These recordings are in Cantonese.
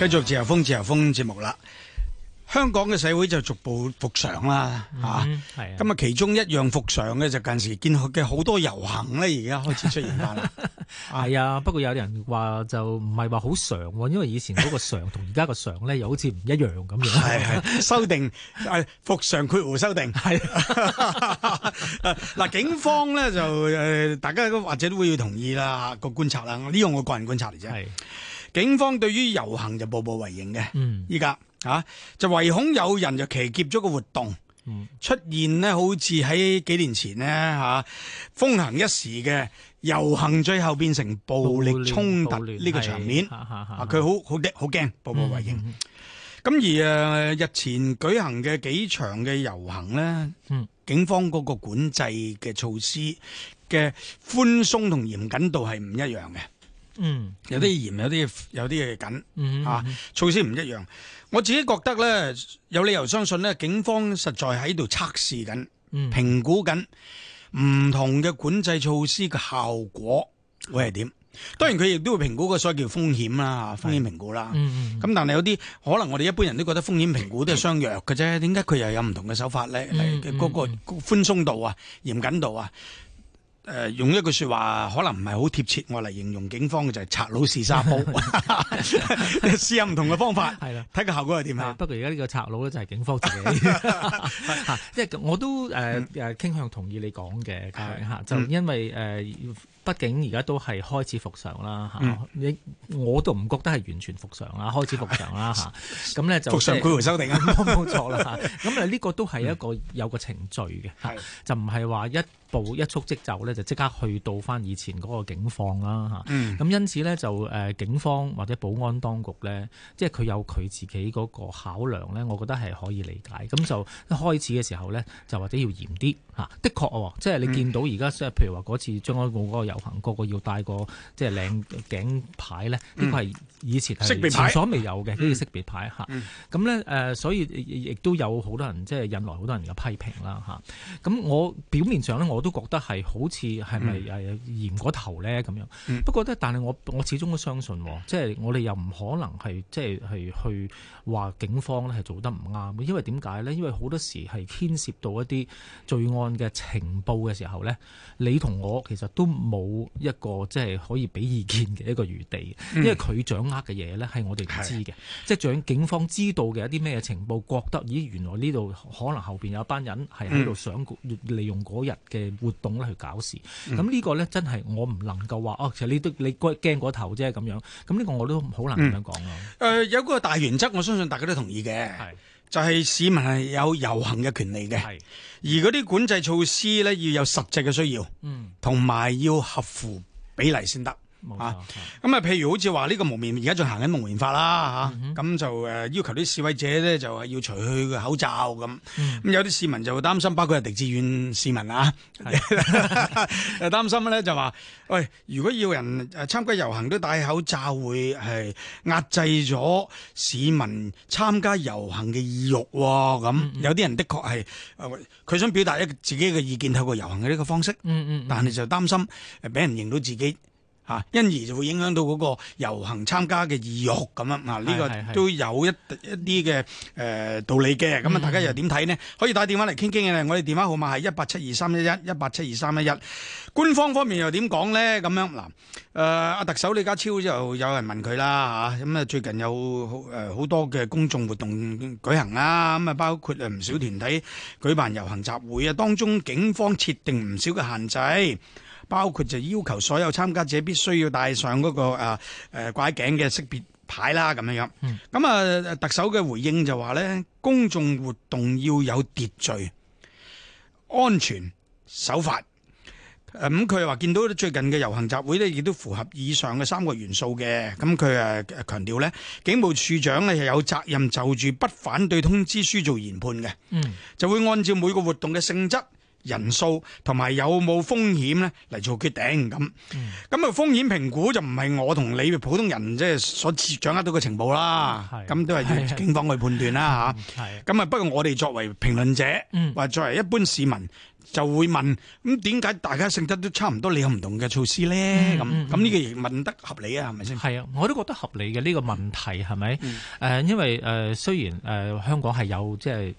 繼續自由風自由風節目啦，香港嘅社會就逐步復常啦，啊、嗯，係咁啊，其中一樣復常咧就近時見到嘅好多遊行咧，而家開始出現翻啦。係的啊，不過有人話就唔係話好常，因為以前嗰個常同而家個常咧又好似唔一樣咁樣。係係修訂誒復常括弧修訂係。嗱的、 啊、警方咧就誒大家都或者都會要同意啦個觀察啦，呢個我個人觀察嚟啫。警方對於遊行就步步為營嘅，依家嚇就唯恐有人就騎劫咗個活動、嗯、出現咧，好似喺幾年前咧嚇、啊、風行一時嘅遊行，最後變成暴力衝突呢個場面，佢好好驚好驚步步為營。咁、嗯、而誒、呃、日前舉行嘅幾場嘅遊行咧，嗯、警方嗰個管制嘅措施嘅寬鬆同嚴謹度係唔一樣嘅。嗯，有啲嚴，有啲有啲嘅緊，嗯嗯、啊措施唔一樣。我自己覺得呢，有理由相信呢，警方實在喺度測試緊、評、嗯、估緊唔同嘅管制措施嘅效果會係點。當然佢亦都會評估個所謂叫風險啦、啊，風險評估啦。咁、嗯、但係有啲可能我哋一般人都覺得風險評估都係相約嘅啫。點解佢又有唔同嘅手法呢嗰、嗯嗯、個寬鬆度啊，嚴謹度啊？誒，用一句說話，可能唔係好貼切，我嚟形容警方嘅就係賊佬試沙煲，試下唔同嘅方法，係啦，睇個效果係點啊？不過而家呢個賊佬咧就係警方自己，吓，即係我都誒誒傾向同意你講嘅，吓，就因為誒，畢竟而家都係開始復常啦，吓，你我都唔覺得係完全復常啦，開始復常啦，吓，咁咧就復常歸回收定。冇錯啦，咁啊呢個都係一個有個程序嘅，就唔係話一。部一觸即走咧，就即刻去到翻以前嗰個警況啦吓，咁、嗯、因此咧就誒警方或者保安當局咧，即係佢有佢自己嗰個考量咧，我覺得係可以理解。咁就一開始嘅時候咧，就或者要嚴啲吓的確、哦，嗯、即係你見到而家即係譬如話嗰次將軍澳嗰個遊行，個個要帶個即係、就是、領頸牌咧，呢、嗯、個係以前係前所未有嘅呢啲識別牌吓，咁咧誒所以亦都有好多人即係引來好多人嘅批評啦吓，咁、啊、我表面上咧我。我都覺得係好似係咪係嫌嗰頭咧咁樣。嗯、不過咧，但係我我始終都相信，即係我哋又唔可能係即係係去話警方咧係做得唔啱，因為點解咧？因為好多時係牽涉到一啲罪案嘅情報嘅時候咧，你同我其實都冇一個即係可以俾意見嘅一個餘地，因為佢掌握嘅嘢咧係我哋唔知嘅。嗯、即係警警方知道嘅一啲咩情報，覺得咦原來呢度可能後邊有一班人係喺度想、嗯、利用嗰日嘅活動咧去搞事，咁呢、嗯、個咧真係我唔能夠話哦，其實你都你驚過頭啫咁樣，咁呢個我都好難咁樣講咯、嗯呃。有個大原則，我相信大家都同意嘅，是就係市民係有遊行嘅權利嘅，是而嗰啲管制措施咧要有實際嘅需要，嗯，同埋要合乎比例先得。咁啊，譬如好似話呢個蒙面，而家仲行緊蒙面法啦，吓、啊、咁、嗯、哼就誒要求啲示威者咧就係要除去佢個口罩咁，咁、嗯、有啲市民就會擔心，包括係狄志遠市民啊，擔是 心咧就話，喂，如果要人誒參加遊行都戴口罩，會係壓制咗市民參加遊行嘅意欲喎，咁、嗯嗯、有啲人的確係佢想表達一自己嘅意見，透過遊行嘅呢個方式，嗯，嗯嗯，但係就擔心俾人認到自己。啊，因而就會影響到嗰個遊行參加嘅意欲咁樣，呢是個都有一一啲嘅誒道理嘅，咁啊大家又點睇呢？嗯、可以打電話嚟傾傾嘅，我哋電話號碼係一八七二三一一一八七二三一一。官方方面又點講呢？咁樣嗱，阿、呃、特首李家超就有人問佢啦嚇，咁啊最近有誒好、呃、好多嘅公眾活動舉行啦，咁啊包括唔少團體舉辦遊行集會啊，當中警方設定唔少嘅限制。包括就要求所有參加者必須要戴上嗰、那個誒誒掛頸嘅識別牌啦，咁樣樣。咁啊、嗯，特首嘅回應就話咧，公眾活動要有秩序、安全、守法。咁佢又話見到最近嘅遊行集會呢，亦都符合以上嘅三個元素嘅。咁佢誒強調咧，警務處長咧有責任就住不反對通知書做研判嘅。嗯，就會按照每個活動嘅性質。人數同埋有冇風險呢嚟做決定咁，咁啊、嗯、風險評估就唔係我同你普通人即係所掌握到嘅情報啦，咁、嗯、都係要警方去判斷啦嚇。咁啊、嗯、不過我哋作為評論者，嗯、或作為一般市民，就會問：咁點解大家性質都差唔多，你有唔同嘅措施咧？咁咁呢個問得合理啊？係咪先？係啊，我都覺得合理嘅呢、呢個問題係咪？是是嗯、因為誒、呃、雖然、呃、香港係有即係。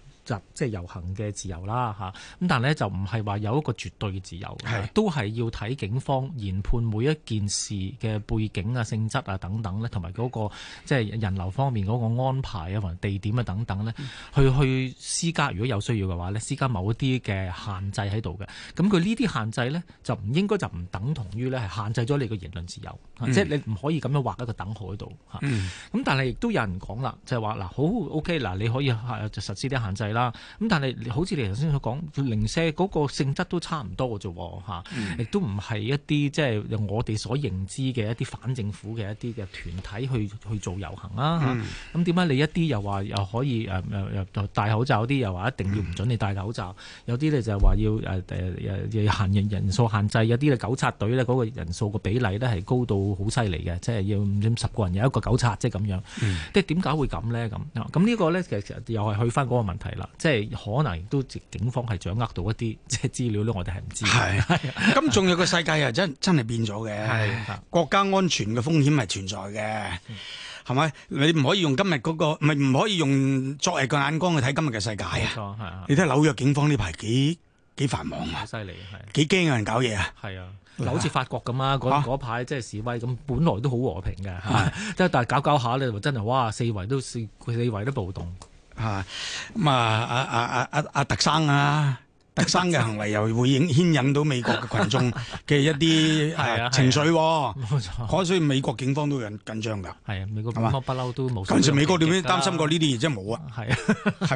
即係遊行嘅自由啦吓，咁但係咧就唔係話有一個絕對嘅自由，是的都係要睇警方研判每一件事嘅背景啊、性質啊等等咧，同埋嗰個即係人流方面嗰個安排啊，或者地點啊等等咧、嗯，去去施加如果有需要嘅話咧，施加某一啲嘅限制喺度嘅。咁佢呢啲限制咧就唔應該就唔等同於咧係限制咗你嘅言論自由，嗯、即係你唔可以咁樣畫一個等號喺度吓，咁、嗯、但係亦都有人講啦，就係話嗱好 OK 嗱，你可以係就實施啲限制。啦，咁但係好似你頭先所講，零舍嗰個性質都差唔多嘅啫，嚇、啊，亦都唔係一啲即係我哋所認知嘅一啲反政府嘅一啲嘅團體去去做遊行啦，咁點解你一啲又話又可以誒、呃呃、戴口罩啲，又話一定要唔准你戴口罩？嗯、有啲咧就係、是、話要誒限人人數限制，有啲糾察隊咧嗰、那個人數個比例咧係高到好犀利嘅，即、就、係、是、要五十個人有一個糾察即係咁樣。即係點解會咁咧？咁咁呢個咧其實又係去翻嗰個問題即係可能都警方係掌握到一啲即係資料咯，我哋係唔知。係咁，仲有個世界又真真係變咗嘅，國家安全嘅風險係存在嘅，係咪？你唔可以用今日嗰個唔係唔可以用昨日嘅眼光去睇今日嘅世界啊！係啊！你睇紐約警方呢排幾幾繁忙啊！犀利係，幾驚有人搞嘢啊！係啊！又好似法國咁啊，嗰排即係示威咁，本來都好和平嘅，即係但係搞搞下咧，真係哇，四圍都四四圍都暴動。吓咁啊！阿阿阿阿阿特生啊，特生嘅行為又會影牽引到美國嘅群眾嘅一啲情緒，所以美國警方都有緊張㗎。係啊，美國警方不嬲都冇。以前美國點擔心過呢啲嘢，即係冇啊。係啊吧，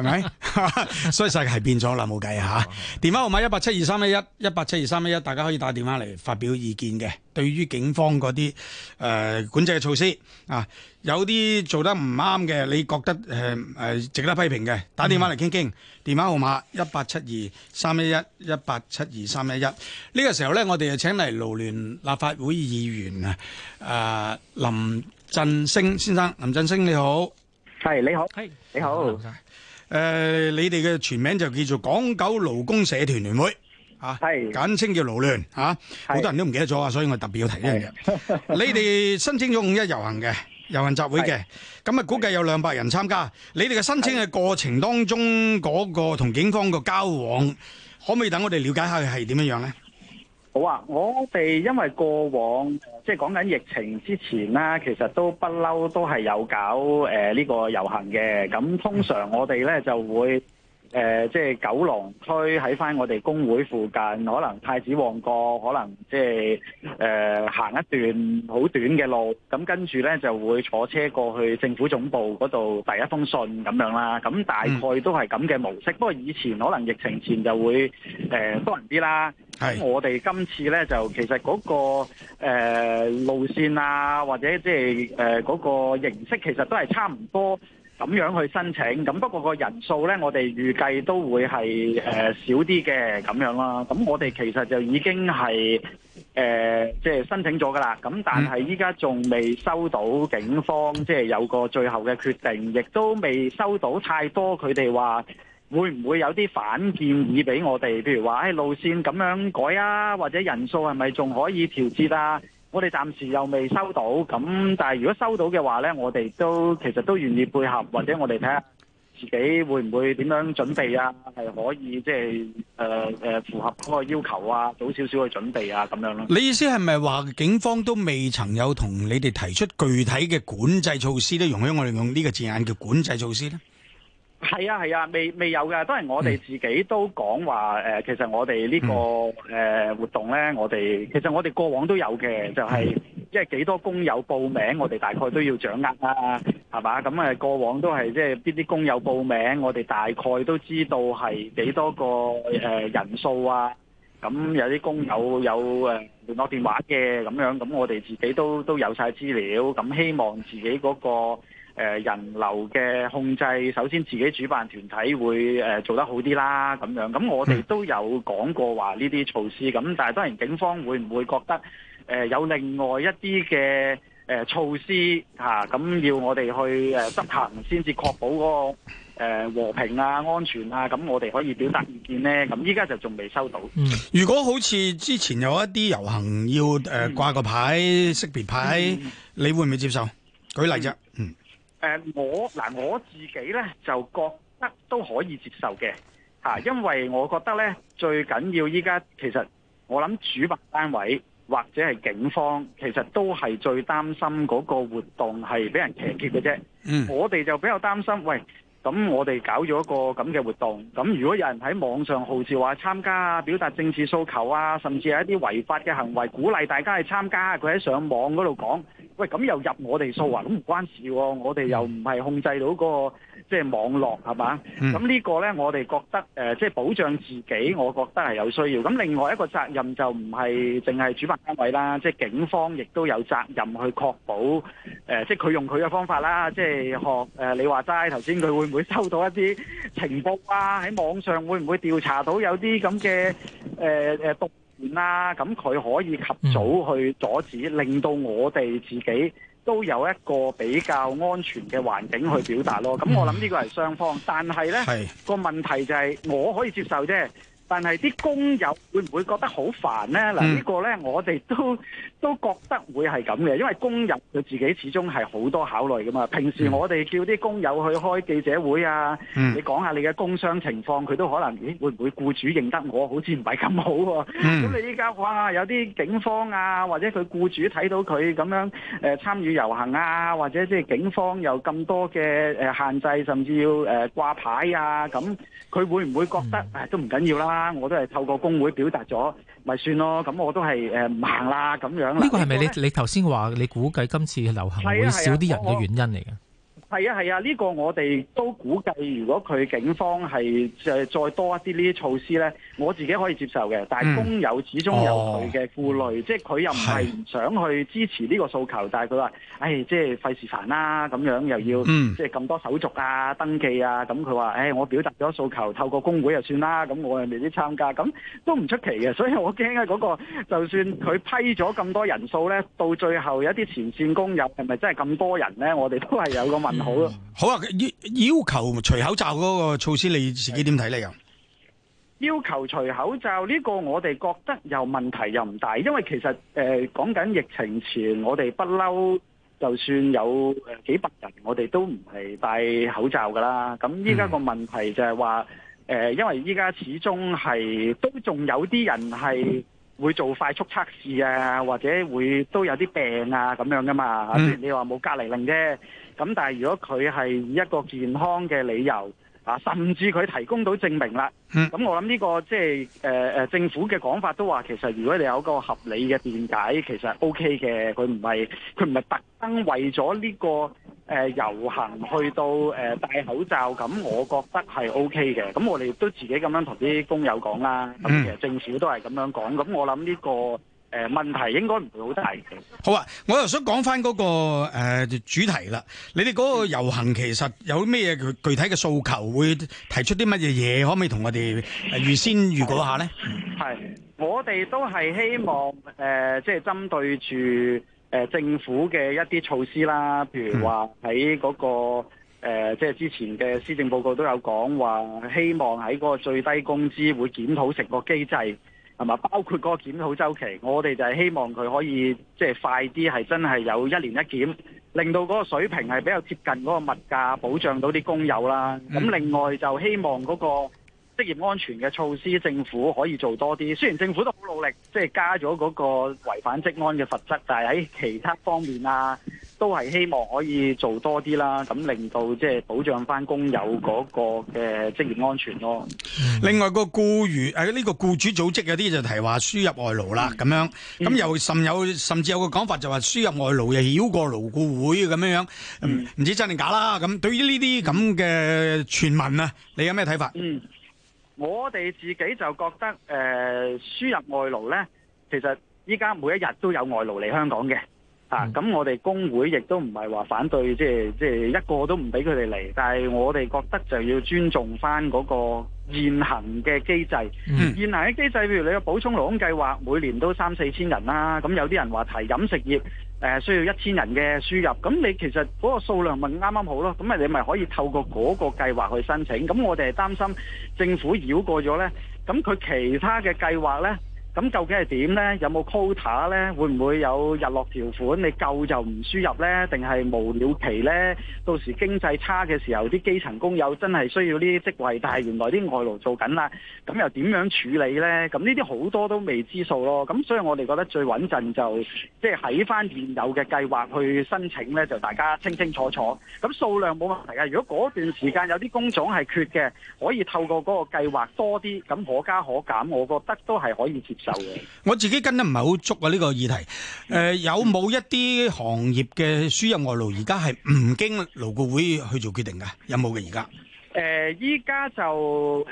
係咪？所以世界係變咗啦，冇計啊！吓， 電話號碼一八七二三一一一八七二三一一，2, 11, 2, 11, 大家可以打電話嚟發表意見嘅。對於警方嗰啲誒管制嘅措施啊，有啲做得唔啱嘅，你覺得誒、呃、值得批評嘅，打電話嚟傾傾。嗯、電話號碼一八七二三一一一八七二三一一。呢、這個時候呢，我哋就請嚟勞聯立法會議員啊、呃，林振昇先生，林振昇你好，係你好，係你好。誒、呃，你哋嘅全名就叫做港九勞工社團聯會。啊，簡稱叫勞聯，吓，好多人都唔記得咗啊，所以我特別要提呢樣嘢。你哋申請咗五一遊行嘅遊行集會嘅，咁啊估計有兩百人參加。你哋嘅申請嘅過程當中嗰個同警方嘅交往，可唔可以等我哋了解下係點樣樣咧？好啊，我哋因為過往即係講緊疫情之前啦，其實都不嬲都係有搞誒呢個遊行嘅。咁通常我哋咧就會。誒，即係、呃就是、九龍區喺翻我哋工會附近，可能太子、旺角，可能即係誒行一段好短嘅路，咁跟住咧就會坐車過去政府總部嗰度遞一封信咁樣啦。咁大概都係咁嘅模式。嗯、不過以前可能疫情前就會誒、呃、多人啲啦。咁是我哋今次咧就其實嗰、嗰個、呃、路線啊，或者即係誒嗰個形式，其實都係差唔多。咁樣去申請，咁不過個人數呢，我哋預計都會係誒、呃、少啲嘅咁樣啦。咁我哋其實就已經係誒即係申請咗㗎喇。咁但係依家仲未收到警方即係、就是、有個最後嘅決定，亦都未收到太多佢哋話會唔會有啲反建議俾我哋，譬如話誒路線咁樣改啊，或者人數係咪仲可以調節啊？我哋暫時又未收到，咁但係如果收到嘅話呢，我哋都其實都願意配合，或者我哋睇下自己會唔會點樣準備啊，係可以即係呃呃符合嗰個要求啊，早少少去準備啊，咁樣咯。你意思係咪話警方都未曾有同你哋提出具體嘅管制措施咧？容許我哋用呢個字眼叫管制措施呢？係啊，係啊，未未有嘅，都係我哋自己都講話、呃、其實我哋呢、呢個、呃、活動咧，我哋其實我哋過往都有嘅，就係即係幾多工友報名，我哋大概都要掌握啦，係嘛？咁、嗯、啊過往都係即係啲啲工友報名，我哋大概都知道係幾多個、呃、人數啊。咁有啲工友有聯絡電話嘅咁樣，咁我哋自己都都有晒資料。咁希望自己嗰、嗰個。呃、人流嘅控制，首先自己主辦團體會、呃、做得好啲啦，咁樣。咁我哋都有講過話呢啲措施，咁但係當然警方會唔會覺得、呃、有另外一啲嘅、呃、措施吓，咁、啊、要我哋去執、呃、執行、嗰個，先至確保個和平啊、安全啊，咁我哋可以表達意見咧。咁依家就仲未收到、嗯。如果好似之前有一啲遊行要掛、呃、個牌、嗯、識別牌，嗯、你會唔會接受？舉例啫，嗯。嗯誒、呃，我嗱我自己咧，就覺得都可以接受嘅，吓、啊，因為我覺得咧最緊要，依家其實我諗，主辦單位或者係警方，其實都係最擔心嗰個活動係俾人騎劫嘅啫。嗯，我哋就比較擔心，喂。咁我哋搞咗一個咁嘅活動，咁如果有人喺網上號召話、啊、參加啊，表達政治訴求啊，甚至係一啲違法嘅行為，鼓勵大家去參加，佢喺上網嗰度講，喂，咁又入我哋數啊，咁唔關事喎、啊，我哋又唔係控制到嗰、那個即係、就是、網絡係嘛？咁呢、嗯、個呢，我哋覺得即係、呃就是、保障自己，我覺得係有需要。咁另外一個責任就唔係淨係主辦單位啦，即、就、係、是、警方亦都有責任去確保，誒，即係佢用佢嘅方法啦，即、就、係、是、學誒、呃，你話齋頭先佢會。會收到一啲情報啊，喺網上會唔會調查到有啲咁嘅誒誒毒線啊？咁佢可以及早去阻止，令到我哋自己都有一個比較安全嘅環境去表達咯。咁我諗呢個係雙方，嗯、但係呢個是問題就係我可以接受啫。但係啲工友會唔會覺得好煩咧？嗱、嗯，個呢個咧，我哋都都覺得會係咁嘅，因為工人佢自己始終係好多考慮噶嘛。平時我哋叫啲工友去開記者會啊，嗯、你講下你嘅工傷情況，佢都可能、哎、會會唔會僱主認得我？好似唔係咁好喎、啊。咁、嗯、你依家哇，有啲警方啊，或者佢僱主睇到佢咁樣誒參與遊行啊，或者即係警方有咁多嘅、呃、限制，甚至要誒掛、呃、牌啊，咁佢會唔會覺得、嗯、都唔緊要啦？我都係透過工會表達咗，咪算咯。咁我都係誒唔行啦，咁樣啦。呢個係咪你你頭先話你估計今次遊行會少啲人嘅原因嚟嘅？係啊係啊，呢、啊這個我哋都估計，如果佢警方係、呃、再多一啲呢啲措施呢，我自己可以接受嘅。但係工友始終有佢嘅顧慮，嗯哦、即係佢又唔係唔想去支持呢個訴求，是但係佢話：，唉、哎，即係費事煩啦，咁樣又要、嗯、即係咁多手續啊、登記啊，咁佢話：，誒、哎，我表達咗訴求，透過工會就算啦，咁我又未必參加，咁都唔出奇嘅。所以我驚嘅嗰個，就算佢批咗咁多人數呢，到最後有一啲前線工友係咪真係咁多人呢？我哋都係有個問題。 好咯、啊，好啊！要求除口罩嗰個措施，你自己點睇咧？又要求除口罩呢、這個，我哋覺得又問題又唔大，因為其實誒講緊疫情前，我哋不嬲，就算有誒幾百人，我哋都唔係戴口罩噶啦。咁依家個問題就係話誒，因為依家始終係都仲有啲人係會做快速測試啊，或者會都有啲病啊咁樣噶嘛。嗯、雖然你話冇隔離令啫。咁但係如果佢係以一個健康嘅理由啊，甚至佢提供到證明啦，咁我諗呢個即係誒誒政府嘅講法都話，其實如果你有個合理嘅辯解，其實 O K 嘅，佢唔係佢唔係特登為咗呢個誒呃、遊行去到誒、呃、戴口罩，咁我覺得係 O K 嘅。咁我哋都自己咁樣同啲工友講啦，咁其實政府都係咁樣講，咁我諗呢個。誒問題應該唔會好大。好啊，我又想講翻嗰個、呃、主題啦。你哋嗰個遊行其實有咩具具體嘅訴求？會提出啲乜嘢嘢？可唔可以同我哋呃、預先預告下咧？係，我哋都係希望誒，即係針對住誒、呃、政府嘅一啲措施啦。譬如話喺嗰個即係、嗯呃即係、之前嘅施政報告都有講話，希望喺嗰個最低工資會檢討成個機制。係嘛？包括嗰個檢討週期，我哋就係希望佢可以即係、就是、快啲，係真係有一年一檢，令到嗰個水平係比較接近嗰個物價，保障到啲工友啦。咁另外就希望嗰、那個，職業安全嘅措施，政府可以做多啲。雖然政府都好努力，即係加咗嗰個違反職安嘅罰則，但係喺其他方面啊，都係希望可以做多啲啦，咁令到即係保障翻工友嗰個嘅職業安全咯、啊。另外個僱員誒呢個僱主組織有啲就提話輸入外勞啦，咁、嗯、樣咁又甚有甚至有個講法就話輸入外勞又繞過勞顧會咁樣樣，唔、嗯嗯、知真定假啦。咁對於呢啲咁嘅傳聞啊，你有咩睇法？嗯我哋自己就覺得，誒、呃、輸入外勞呢，其實依家每一日都有外勞嚟香港嘅，嗯、啊，咁我哋工會亦都唔係話反對，即係即係一個都唔俾佢哋嚟，但係我哋覺得就要尊重翻嗰個現行嘅機制。嗯、現行嘅機制，譬如你嘅補充勞工計劃，每年都三四千人啦、啊，咁有啲人話提飲食業。誒需要一千人嘅輸入，咁你其實嗰個數量咪啱啱好咯，咁你咪可以透過嗰個計劃去申請。咁我哋係擔心政府繞過咗呢，咁佢其他嘅計劃呢。咁究竟係點呢？有冇 quota 呢？會唔會有日落條款？你夠就唔輸入呢？定係無了期呢？到時經濟差嘅時候，啲基層工友真係需要呢啲職位，但係原來啲外勞做緊啦。咁又點樣處理呢？咁呢啲好多都未知數咯。咁所以我哋覺得最穩陣就即係喺翻現有嘅計劃去申請呢，就大家清清楚楚。咁數量冇問題呀。如果嗰段時間有啲工種係缺嘅，可以透過嗰個計劃多啲，咁可加可減，我覺得都係可以接受。我自己跟得唔係好足啊。呢個議題，誒，有冇一啲行業嘅輸入外勞而家係唔經勞僱會去做決定噶？有冇嘅而家？誒，依家就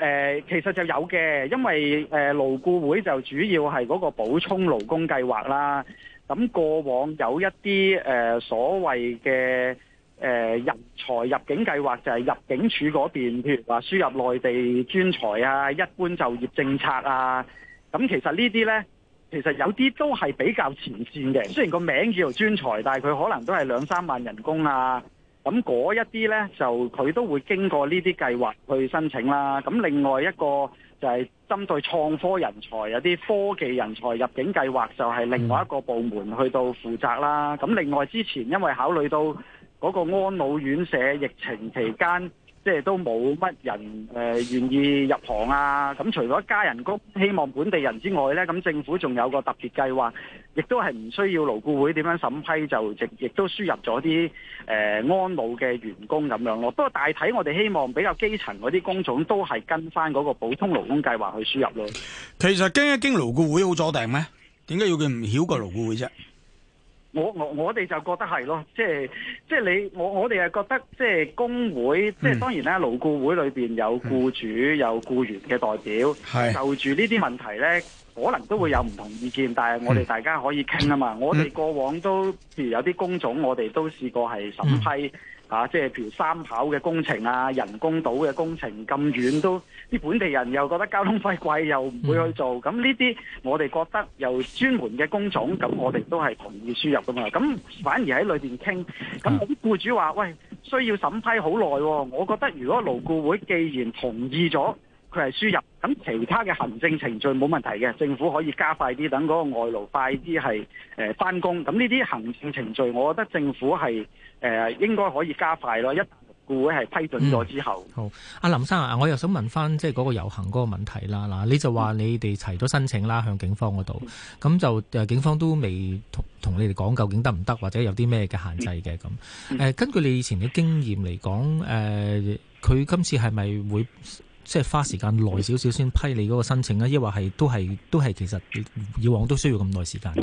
誒，其實就有嘅，因為誒勞僱會就主要係嗰個補充勞工計劃啦。咁過往有一啲誒所謂嘅誒人才入境計劃，就係入境處嗰邊，譬如話輸入內地專才啊、一般就業政策啊。咁其實呢啲咧，其實有啲都係比較前線嘅，雖然個名叫做專才，但係佢可能都係兩三萬人工啊。咁嗰一啲咧，就佢都會經過呢啲計劃去申請啦。咁另外一個就係針對創科人才、有啲科技人才入境計劃，就係另外一個部門去到負責啦。咁另外之前因為考慮到嗰個安老院舍疫情期間。即係都冇乜人誒願意入行啊。咁除咗加人工、希望本地人之外呢，咁政府仲有個特別計劃，亦都係唔需要勞顧會點樣審批，就亦亦都輸入咗啲誒安老嘅員工咁樣咯。不過大體我哋希望比較基層嗰啲工種都係跟翻嗰個補充勞工計劃去輸入咯。其實經一經勞顧會好阻定咩？點解要佢唔曉過勞顧會啫？我我我哋就覺得係咯，即係即係你我我哋係覺得即係工會，嗯、即係當然咧，勞顧會裏邊有雇主、嗯、有雇員嘅代表，就住呢啲問題咧，可能都會有唔同意見，但係我哋大家可以傾啊嘛。嗯、我哋過往都譬如有啲工種，我哋都試過係審批。嗯嗯啊，即係譬如三跑嘅工程啊，人工島嘅工程咁遠都啲本地人又覺得交通費貴，又唔會去做。咁呢啲我哋覺得由專門嘅工種，咁我哋都係同意輸入噶嘛。咁反而喺裏邊傾，咁我啲僱主話，喂，需要審批好耐。我覺得如果勞顧會既然同意咗，佢係輸入，咁其他嘅行政程序冇問題嘅，政府可以加快啲，等嗰個外勞快啲係誒翻工。咁呢啲行政程序，我覺得政府係誒、呃、應該可以加快咯。勞顧會係批准咗之後，嗯、好，阿林生啊，我又想問翻即係嗰個遊行嗰個問題啦。嗱，你就話你哋齊咗申請啦，向警方嗰度，咁、嗯、就誒警方都未同同你哋講究竟得唔得，或者有啲咩嘅限制嘅咁。誒、嗯呃，根據你以前嘅經驗嚟講，誒、呃、佢今次係咪會？即係花時間耐少少先批你嗰個申請咧，抑或係都係都係其實以往都需要咁耐時間。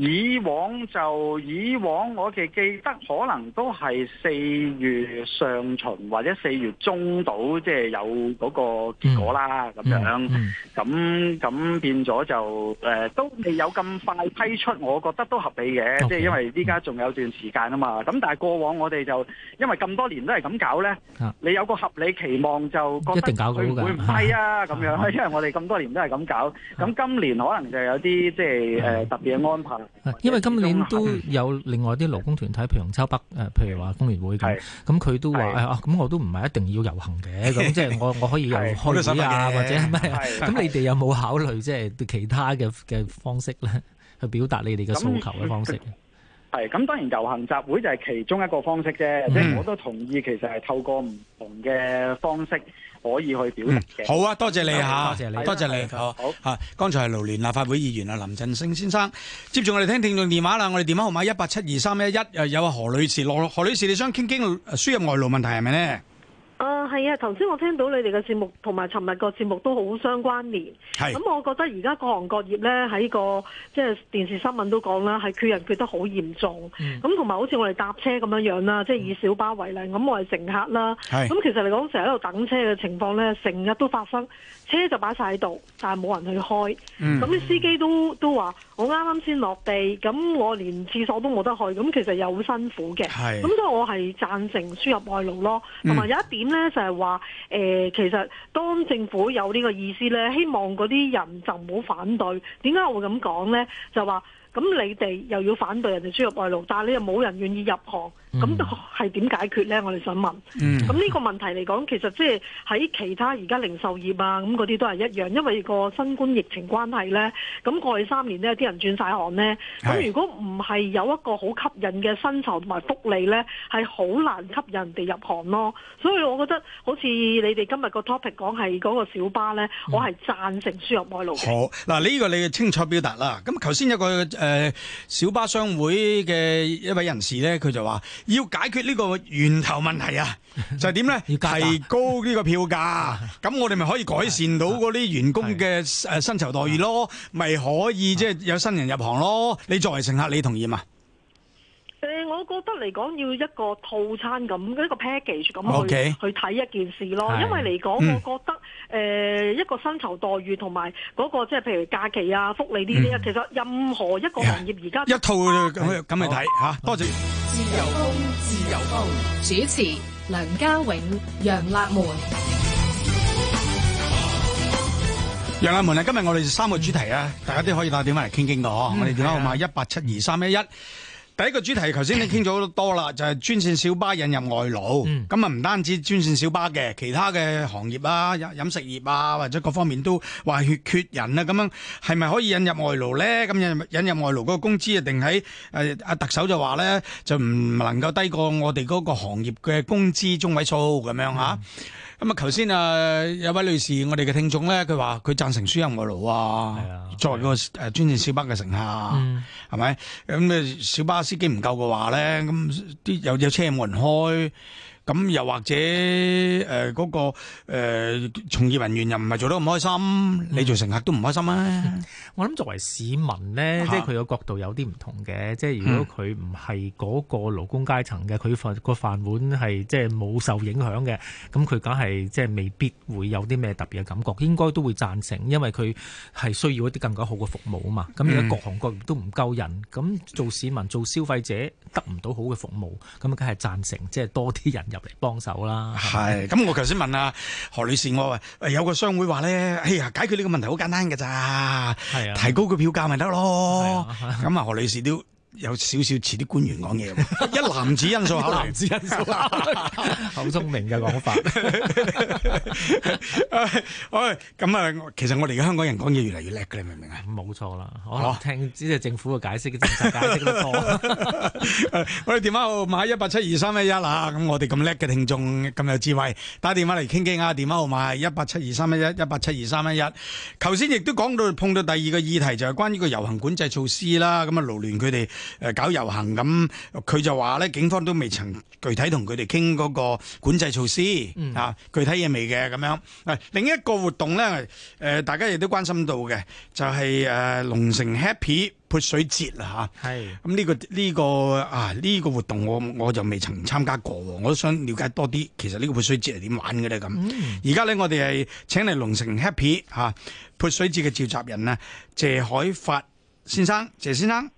以往就以往，我哋記得可能都係四月上旬或者四月中到，即、就、係、是、有嗰個結果啦，咁、嗯、樣，咁咁、嗯、變咗就誒、呃、都未有咁快批出，我覺得都合理嘅，即係 Okay, 因為依家仲有段時間啊嘛。咁但係過往我哋就因為咁多年都係咁搞咧，啊、你有個合理期望就覺得佢會唔批啊咁、啊、樣，啊、因為我哋咁多年都係咁搞，咁、啊、今年可能就有啲即係誒特別嘅安排。因為今年都有另外啲勞工團體，譬如龍洲北，誒，譬如話工聯會咁，咁佢是都話誒，哦是，咁、啊、我都唔係一定要遊行嘅，咁 即係我我可以遊去啊， 或者咩？咁你哋有冇考慮即係其他嘅嘅方式咧，去表達你哋嘅訴求嘅方式？係，咁當然遊行集會就係其中一個方式啫，即係、嗯、我都同意，其實係透過唔同嘅方式可以去表達嘅、嗯。好啊，多謝你吓多謝你，多謝你。啊、謝你好嚇好、啊，剛才係勞聯立法會議員啊，林振昇先生接住我哋聽聽眾電話啦，我哋電話號碼一八七二三一一，11, 有啊何女士，何女士你想傾傾輸入外勞問題係咪咧？呃、是啊，係啊！頭先我聽到你哋嘅節目，同埋尋日個節目都好相關聯。咁是，我覺得而家各行各業呢，喺個即係電視新聞都講啦，係缺人缺得好嚴重。咁同埋好似我哋搭車咁樣樣啦，即係以小巴為例，咁我係乘客啦。咁，其實嚟講，成日喺度等車嘅情況呢，成日都發生。車就擺晒喺度，但係冇人去開。咁啲、嗯、司機都都話：我啱啱先落地，咁我連廁所都冇得去。咁其實又好辛苦嘅。咁所以我係贊成輸入外勞咯。同埋有一點。嗯咧就係話誒，其實當政府有呢個意思咧，希望嗰啲人就唔好反對。點解我會咁講咧？就話咁你哋又要反對人哋輸入外勞，但係你又冇人願意入行。咁係點解決呢？我哋想問。咁呢、嗯、個問題嚟講，其實即係喺其他而家零售業啊，咁嗰啲都係一樣，因為個新冠疫情關係呢，咁過去三年有啲人轉晒行呢。咁如果唔係有一個好吸引嘅薪酬同埋福利呢，係好難吸引人哋入行咯。所以我覺得，好似你哋今日個 topic 講係嗰個小巴呢，嗯、我係贊成輸入外勞嘅。好嗱，呢、呢個你嘅清楚表達啦。咁頭先一個誒、呃、小巴商會嘅一位人士呢，佢就話。要解決呢個源頭問題啊，就係點呢？提高呢個票價，咁我哋咪可以改善到嗰啲員工嘅誒薪酬待遇咯，咪可以即係有新人入行咯。你作為乘客，你同意嘛？誒，我覺得嚟講要一個套餐，咁一個 package 咁去去睇一件事咯，因為嚟講我覺得誒一個薪酬待遇同埋嗰個即係譬如假期啊、福利呢啲啊，其實任何一個行業而家一套咁咁去睇吓，多謝。自由風，自由風，主持梁家永、楊立門、楊立門啊！今日我哋三個主題啊，大家都可以打電話嚟傾傾噶，我哋電話號碼一八七二三一一。第一個主題，頭先你傾咗好多啦，就係專線小巴引入外勞，咁啊唔單止專線小巴嘅，其他嘅行業啊、飲飲食業啊，或者各方面都話缺缺人啊，咁樣係咪可以引入外勞呢？咁引入引入外勞嗰個工資啊，定喺誒阿特首就話呢，就唔能夠低過我哋嗰個行業嘅工資中位數咁樣吓。咁啊！頭先啊，有位女士，我哋嘅聽眾咧，佢話佢贊成輸入外勞啊！作為個誒專線小巴嘅乘客，係咪咁咩？小巴司機唔夠嘅話咧，咁啲有有車冇人開。咁又或者誒嗰個誒從業人員又唔係做得咁開心，嗯、你做乘客都唔開心啊！我諗作為市民咧，啊、即係佢個角度有啲唔同嘅。即係如果佢唔係嗰個勞工階層嘅，佢個飯碗係即係冇受影響嘅，咁佢梗係即係未必會有啲咩特別嘅感覺，應該都會贊成，因為佢係需要一啲更加好嘅服務啊嘛。咁而家各行各業都唔夠人，咁做市民做消費者得唔到好嘅服務，咁梗係贊成，即係多啲人入幫手啦，係，咁我頭先問阿何女士，我話有個商會話咧，哎呀解決呢個問題好簡單㗎咋，係啊、提高個票價咪得咯，咁啊何女士都。有少少似啲官員講嘢，一男子因素嚇， 一男子因素啦，好 聰明嘅講法。咁啊、 哎哎哎，其實我哋嘅香港人講嘢越嚟越叻你明唔明啊？冇錯啦，我聽只係政府嘅解釋，政府、哦、解釋得多。 哎、我哋電話號碼一八七二三一一啊，咁我哋咁叻嘅聽眾咁有智慧，打電話嚟傾傾啊，電話號碼一八七二三一一一八七二三一一。頭先亦都講到碰到第二個議題，就係、是、關於一個遊行管制措施啦，咁啊勞聯佢哋。誒搞遊行咁，佢就話咧，警方都未曾具體同佢哋傾嗰個管制措施、嗯啊、具體嘢未嘅咁樣。另一個活動咧、呃，大家亦都關心到嘅就係、是、誒、呃、龍城 Happy 潑水節啦嚇。咁、啊、呢是、嗯呢個呢、呢個啊呢、呢個活動我，我我就未曾參加過，我都想了解多啲。其實呢個潑水節係點玩嘅咧？咁而家咧，我哋係請嚟龍城 Happy 嚇、啊、潑水節嘅召集人啊，謝海發先生，嗯、謝先生。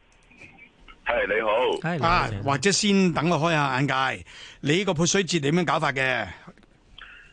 係你好，Hi，你好啊，好，或者先等我開下眼界，你呢個潑水節點樣搞法嘅？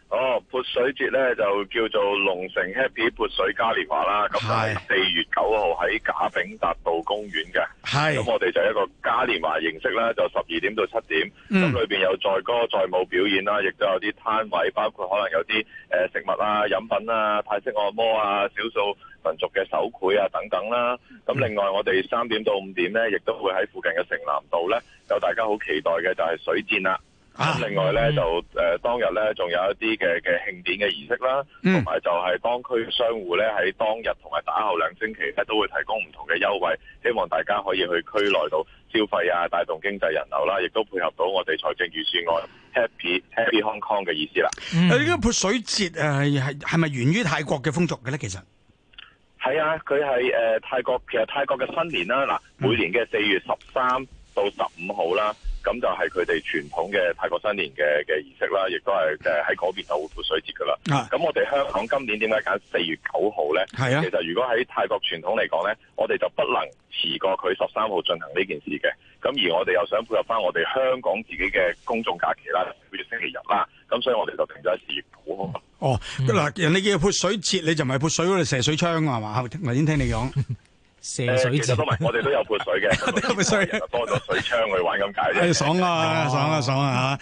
哦，潑水節咧就叫做龍城 Happy 潑水嘉年華啦，咁就係四月九號喺賈炳達道公園嘅，係咁的我哋就一個嘉年華形式啦，就十二點到七點，咁裏邊有載歌載舞表演啦，亦都、嗯、有啲攤位，包括可能有啲誒、呃、食物啊、飲品啊、泰式按摩啊、少數民族嘅手繪啊等等啦。咁另外我哋三點到五點咧，亦都會喺附近嘅城南道咧，有大家好期待嘅就係水戰啦。啊、另外咧，嗯、就誒、呃、當日咧，仲有一啲嘅嘅慶典嘅儀式啦，同埋、嗯、就係當區商戶咧喺當日同埋打後兩星期咧都會提供唔同嘅優惠，希望大家可以去區內度消費啊，帶動經濟人流啦，亦都配合到我哋財政預算案、嗯、，Happy Happy Hong Kong 嘅意思啦。誒，呢個潑水節誒係係咪源於泰國嘅風俗嘅咧？其實係啊，佢係、呃、泰國其實泰國嘅新年啦，嗱每年嘅四月十三到十五號啦。嗯嗯。咁就係佢哋傳統嘅泰國新年嘅嘅儀式啦，亦都係誒喺嗰邊都會潑水節噶啦。咁、啊、我哋香港今年點解揀四月九號咧？係啊，其實如果喺泰國傳統嚟講咧，我哋就不能遲過佢十三號進行呢件事嘅。咁而我哋又想配合翻我哋香港自己嘅公眾假期啦，譬如星期日啦。咁所以我哋就停咗喺四月九號。哦，嗱、嗯，人哋叫潑水節，你就唔係潑水嗰度射水槍係嘛？我已經聽你講。 射水池，我哋都有潑水嘅，衰 多咗水槍去玩咁解，啫， 爽啊爽啊、哦、爽啊！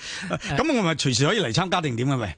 咁我咪隨時可以嚟參加定點，係咪？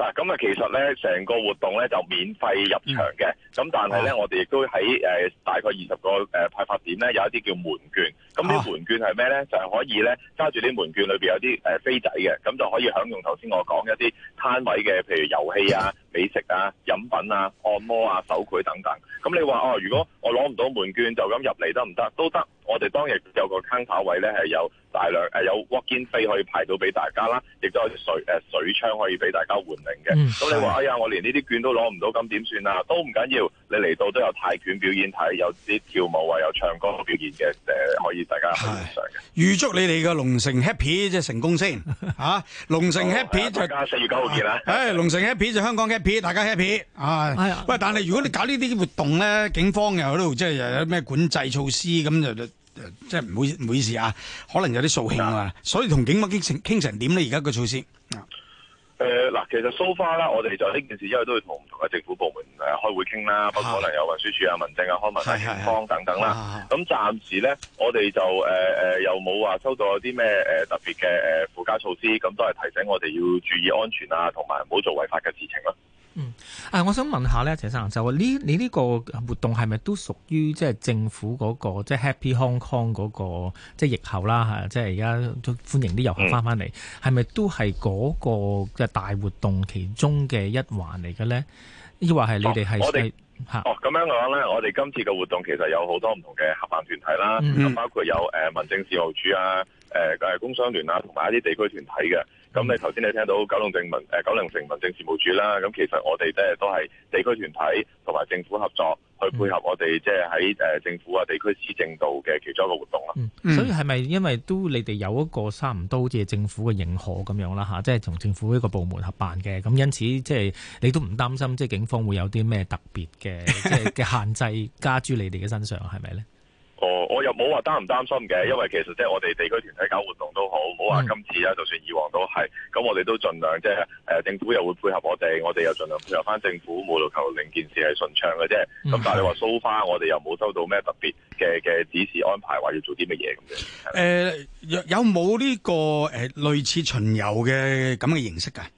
嗱，咁啊，其實咧，成個活動咧就免費入場嘅，咁但係咧，我哋亦都喺誒大概二十個誒、呃、派發點咧，有一啲叫門券。咁啲門券係咩咧？啊、就係可以咧揸住啲門券裏邊有啲誒、呃、飛仔嘅，咁就可以享用頭先我講一啲攤位嘅，譬如遊戲啊、美食啊、飲品啊、按摩啊、手繪等等。咁你話哦、呃，如果我攞唔到門券就咁入嚟得唔得？都得。我哋當日有個 counter 位咧，係有大量誒有 walk-in 飛可以排到俾大家啦，亦都有水誒、呃、水槍可以俾大家換領嘅。咁、嗯、你話的哎呀，我連呢啲券都攞唔到，咁點算啊？都唔緊要緊，你嚟到都有泰拳表演睇，有啲跳舞啊，有唱歌表演嘅誒，可以大家預祝你哋嘅龍城 happy 即係成功先嚇。龍、啊城，哦啊哎、城 happy 就係四月九號見啦。誒，龍城 happy 就香港 happy，大家 happy 啊！哎、呀喂，但係如果你搞呢啲活動咧，警方又喺度即係又有咩管制措施咁就。即係唔好唔好意思啊，可能有啲掃興啊，的所以同警方傾成傾成點咧？而家個措施誒嗱、呃，其實 so far 啦，我哋就呢件事，因為都要同唔同嘅政府部門誒、啊、開會傾啦，包括可能有運輸處啊、的民政啊、康民、警方等等啦。咁暫時咧，我哋就誒誒、呃，又冇話收到啲咩誒特別嘅誒附加措施，咁都係提醒我哋要注意安全啊，同埋唔好做違法嘅事情咯、啊。嗯，誒、啊，我想問一下咧，謝生就話呢，你呢個活動係咪都屬於即係政府嗰、那個即係、就是、Happy Hong Kong 嗰、那個即係、就是、疫後啦嚇，即係而家都歡迎啲遊客翻翻嚟，係咪、嗯、都係嗰個即係大活動其中嘅一環嚟嘅咧？抑或係你哋係我哋嚇？哦，咁是、哦、樣講咧，我哋今次嘅活動其實有好多唔同嘅合辦團體啦，嗯、包括有誒、呃、民政事務處啊、誒、呃、嘅工商聯啊，同埋一啲地區團體嘅。咁你頭先你聽到九龍政民九龍城民政、呃、事務處啦，咁其實我哋即係都係地區團體同埋政府合作，去配合我哋即係喺政府啊地區市政度嘅其中一個活動啦。嗯嗯、所以係咪因為都你哋有一個差唔多好似政府嘅認可咁樣啦嚇，即係同政府一個部門合辦嘅，咁因此即係你都唔擔心即係警方會有啲咩特別嘅即係嘅限制加諸你哋嘅身上係咪咧？ 是冇話擔唔擔心嘅，因為其實即係我哋地區團體搞活動都好，冇話今次啦，就算以往都係。咁、嗯、我哋都盡量即係誒政府又會配合我哋，我哋又盡量配合翻政府，冇求求令件事係順暢嘅啫。咁、嗯、但係你話 so far，我哋又冇收到咩特別嘅嘅指示安排，話要做啲乜嘢咁樣。誒、呃、有冇呢、這個誒、呃、類似巡遊嘅咁嘅形式㗎、啊？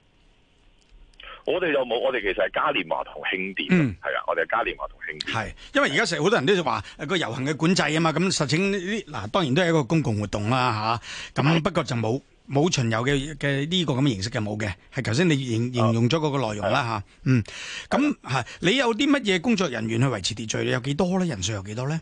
我哋又冇，我哋其實係嘉年華同慶典，係啊、嗯，我哋係嘉年華同慶典。係，因為而家成好多人都就話個遊行嘅管制啊嘛，咁實情呢啲嗱，當然都係一個公共活動啦吓。咁、啊、是的 不過就冇冇巡遊嘅嘅呢個咁嘅形式嘅冇嘅，係頭先你、啊、形容咗個內容啦吓是的、啊。嗯，咁係是的 你有啲乜嘢工作人員去維持秩序？有幾多咧？人數有幾多咧？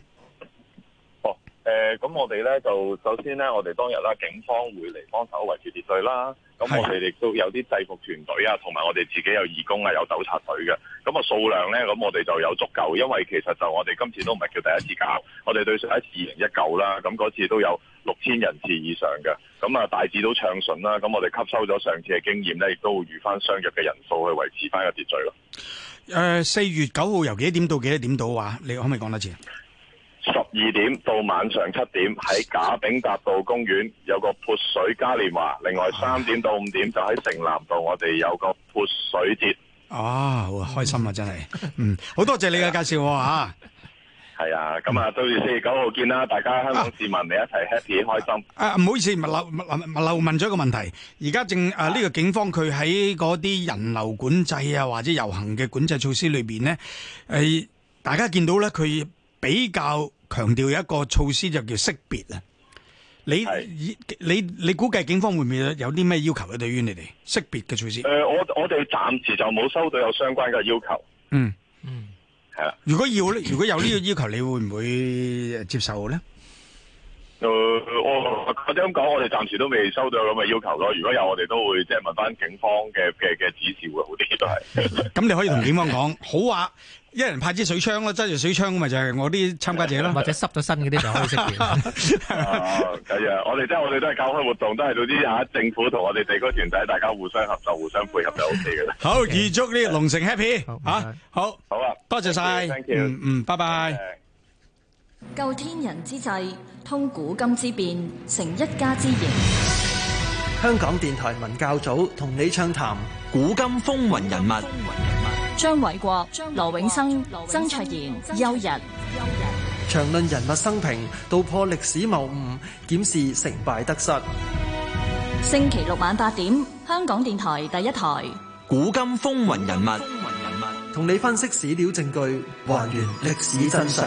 誒，咁、呃、我哋咧就首先咧，我哋當日啦，警方會嚟幫手維持秩序啦。咁我哋亦都有啲制服團隊啊，同埋我哋自己有義工啊，有糾察隊嘅。咁個數量咧，咁我哋就有足夠，因為其實就我哋今次都唔係叫第一次搞，我哋對上一次二零一九啦，咁嗰次都有六千人次以上嘅。咁啊大致都暢順啦。咁我哋吸收咗上次嘅經驗咧，亦都會預翻相約嘅人數去維持翻個秩序咯。誒、呃，四月九號由幾點到幾多點到話、啊、你可唔可以講多次？十二點到晚上七點喺賈炳達道公園有個潑水嘉年華，另外三點到五點就喺城南道，我哋有個潑水節。啊，好開心啊，真係，嗯，好多謝你嘅介紹啊。係啊、嗯，咁啊，到時四月九號見啦，大家香港市民嚟、啊、一齊 happy 開心。誒、啊、唔、啊、好意思，物流物流問咗個問題，而家正誒呢、啊啊、個警方佢喺嗰啲人流管制啊，或者遊行嘅管制措施裏邊呢，誒、呃，大家見到呢，佢。比較強調一個措施就叫識別啦。你你你估計警方會唔會有啲咩要求咧？對於你哋識別嘅措施？誒，我我哋暫時就冇收到有相關嘅要求。嗯嗯，係啦。如果要咧，如果有呢個要求，你會唔會接受咧？誒。或者咁講，我哋暫時都未收到咁嘅要求咯。如果有，我哋都會即係問翻警方嘅嘅嘅指示會好啲。都係咁， 你可以同警方講，好話、啊、一人派支水槍咯，揸、就、住、是、水槍咁咪就係、是、我啲參加者咯， 或者濕咗身嗰啲就可以。咁樣、 uh,，我哋即係我哋都係搞開活動，都係到啲啊，政府同我哋地區團體大家互相合作、互相配合就 O K 嘅啦。好，預祝呢個龍城 Happy 吓，好好啊，多謝晒，thank you. 嗯嗯，拜拜。Uh, 究天人之際，通古今之變，成一家之言。香港電台文教組同你暢談古今風雲人物。張偉國、羅永生、曾卓賢、邱日長論人物生平，道破歷史謬誤，檢視成敗得失。星期六晚八點，香港電台第一台《古今風雲人物》風雲人物，同你分析史料證據，還原歷史真相。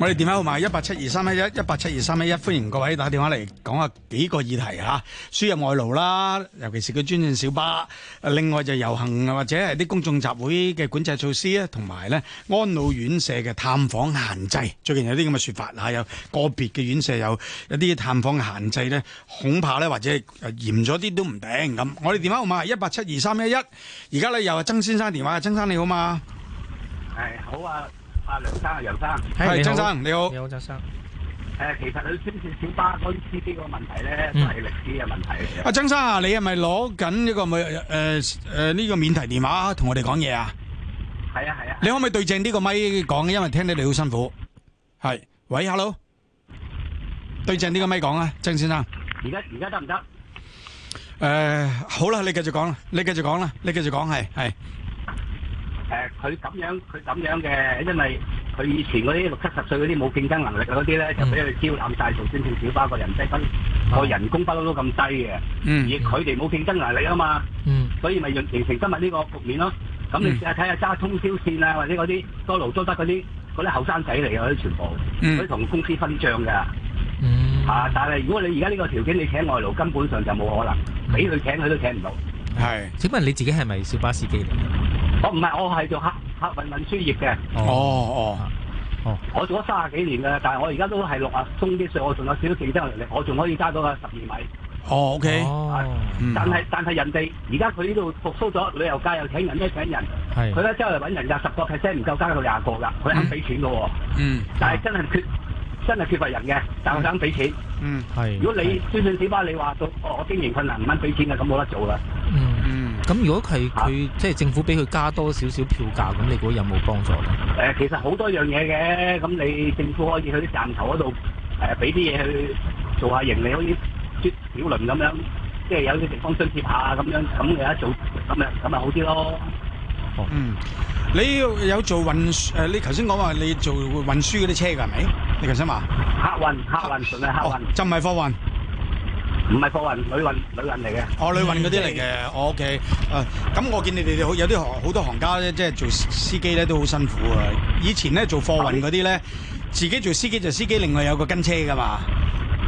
我哋電話號碼一八七二三一一一八七二三一一，31, 31, 歡迎各位打電話嚟講下幾個議題吓，輸入外勞啦，尤其是佢專線小巴，另外就遊行或者係啲公眾集會嘅管制措施咧，同埋咧安老院舍嘅探訪限制，最近有啲咁嘅說法吓，有個別嘅院舍有一啲探訪限制咧，恐怕咧或者嚴咗啲都唔定咁。我哋電話號碼一八七二三一一，而家咧又係曾先生電話，曾生你好嘛？係，好啊。阿梁生、阿楊生，係張生，你好，你好張生。誒，其實你關於小巴嗰啲呢啲個問題咧，都係歷史嘅問題。阿張生，你係咪攞緊一個冇誒誒呢個免提電話同我哋講嘢？啊係啊係啊。你可唔可以對正呢個咪講？因為聽得你好辛苦。係，喂，Hello。對正呢個咪講啊，張先生。而家而家得唔得？誒，好啦，你繼續講啦，你繼續講啦，你繼續講，係係。誒，佢咁樣佢咁樣嘅，因為佢以前嗰啲六七十歲嗰啲冇競爭能力嗰啲咧，就俾佢招攬曬做專線小巴，個人仔分個人工不嬲都咁低嘅，而佢哋冇競爭壓力啊嘛，所以咪形成今日呢個局面咯。咁你試下睇下揸通宵線啊，或者嗰啲多勞多得嗰啲嗰啲後生仔嚟啊，嗰啲全部佢同公司分賬㗎，啊！但係如果你而家呢個條件，你請外勞根本上就冇可能，俾佢請佢都請唔到。係，請問你自己係咪小巴司機嚟？我唔係，我係做客客運運輸業嘅、哦。哦哦，我做咗卅幾年嘅，但係我而家都係六啊，中啲歲，我仲有少少競爭能力，我仲可以加到個十二米。哦，O、okay? K、啊哦。但係但係人地，而家佢呢度復蘇咗，旅遊界又請人，都請請人。係是。佢咧真係搵人就十個 percent 唔夠加到廿個㗎，佢肯俾錢噶。嗯。但係真係缺，嗯、真係缺乏人嘅，但係肯俾錢。嗯是。係。如果你是算算紙巴，你話我經營困難唔肯俾錢嘅，咁冇得做啦。嗯。咁如果係佢、啊、即係政府俾佢加多少少票價，咁你估有冇幫助咧？誒、呃，其實好多樣嘢嘅，咁你政府可以去啲站頭嗰度誒，俾啲嘢去做下盈利，好似接小輪咁樣，即係有啲地方津貼下咁樣，咁你一做咁樣，咁咪好啲咯。嗯，你要有做運誒？你頭先講話你做運輸嗰啲車㗎，係咪？你頭先話客運，客運純係客，客運，就唔係貨運。唔係貨運、旅運、旅運嚟嘅。運來的哦，旅運嗰啲嚟嘅。我、嗯、OK。誒、啊，咁我見你哋有啲好多行家咧，即係做司機咧，都好辛苦啊。以前咧做貨運嗰啲咧，的自己做司機就司機，另外有個跟車噶嘛。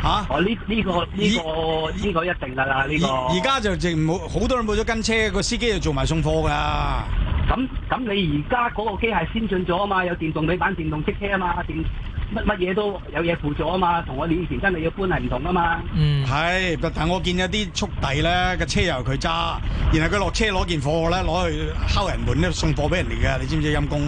吓、啊？我呢呢個呢、這個呢以個一定噶啦呢個。而家就淨冇好多人冇咗跟車，個司機就做埋送貨噶啦。咁咁，那你而家嗰個機械先進咗啊嘛？有電動尾板、電動唧車啊嘛？電。乜乜嘢都有嘢輔助啊嘛，同我哋以前真係要搬係唔同噶嘛。嗯，係，但係我見有啲速遞咧嘅車由佢揸，然後佢落車攞件貨咧，攞去敲人門咧，送貨俾人哋嘅，你知唔知陰功？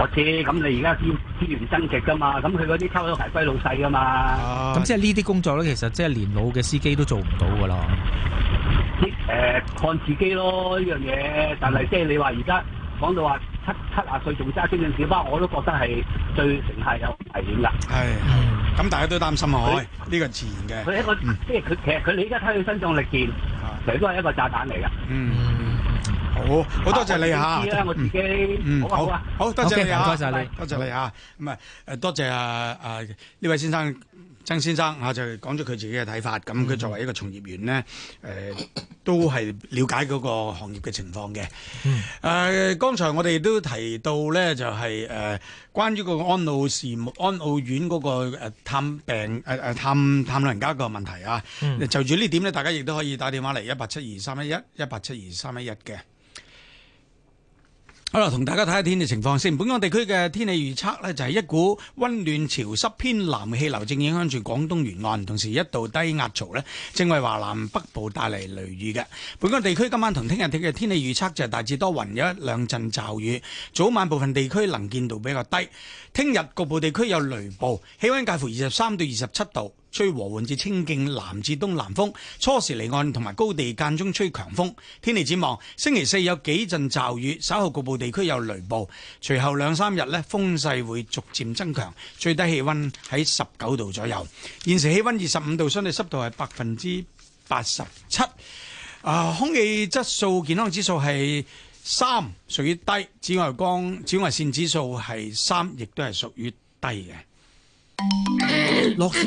我知，咁你而家資資源增值㗎嘛，咁佢嗰啲溝都係歸老細㗎嘛。咁、啊、即係呢啲工作咧，其實即係連老嘅司機都做唔到㗎啦。啲誒、呃、看自己咯呢樣嘢，但係即係你話而家講到話。七七廿歲仲揸緊隻小巴，我都覺得係對乘客有危險㗎。咁大家都擔心啊，呢個自然嘅。佢一個即係佢其實佢你依家睇佢身壯力健，成日都係一個炸彈嚟㗎。嗯，好，好多謝你嚇。我自己。嗯，好啊，好，多謝你啊，唔該曬你，多謝你嚇。咁啊，誒，多謝啊啊呢位先生。曾先生啊，就係講咗佢自己嘅睇法。咁佢作為一個從業員呢，誒、嗯呃、都係了解嗰個行業嘅情況嘅。誒、嗯呃，剛才我哋都提到呢，就係、是、誒、呃、關於嗰個安老事安老院嗰、嗰個、呃、探病誒誒、呃、探探老人家個問題啊。嗯、就住呢點呢，大家亦都可以打電話嚟一八七二三一一一八七二三一一嘅。好啦，同大家睇下天氣情況先。本港地區嘅天氣預測呢，就係一股溫暖潮濕偏南氣流正影響住廣東沿岸，同時一道低壓槽呢，正為華南北部帶嚟雷雨嘅。本港地區今晚同聽日嘅天氣預測就係大致多雲，有一兩陣驟雨。早晚部分地區能見度比較低。聽日局部地區有雷暴，氣溫介乎二十三到二十七度。吹和緩至清勁南至東南風，初時離岸同埋高地間中吹強風。天氣展望，星期四有幾陣驟雨，稍後局部地區有雷暴。隨後兩三日咧，風勢會逐漸增強，最低氣溫喺十九度左右。現時氣溫二十五度，相對濕度係百分之八十七。啊，空氣質素健康指數係三，屬於低；紫外光紫外線指數係三，亦都係屬於低嘅。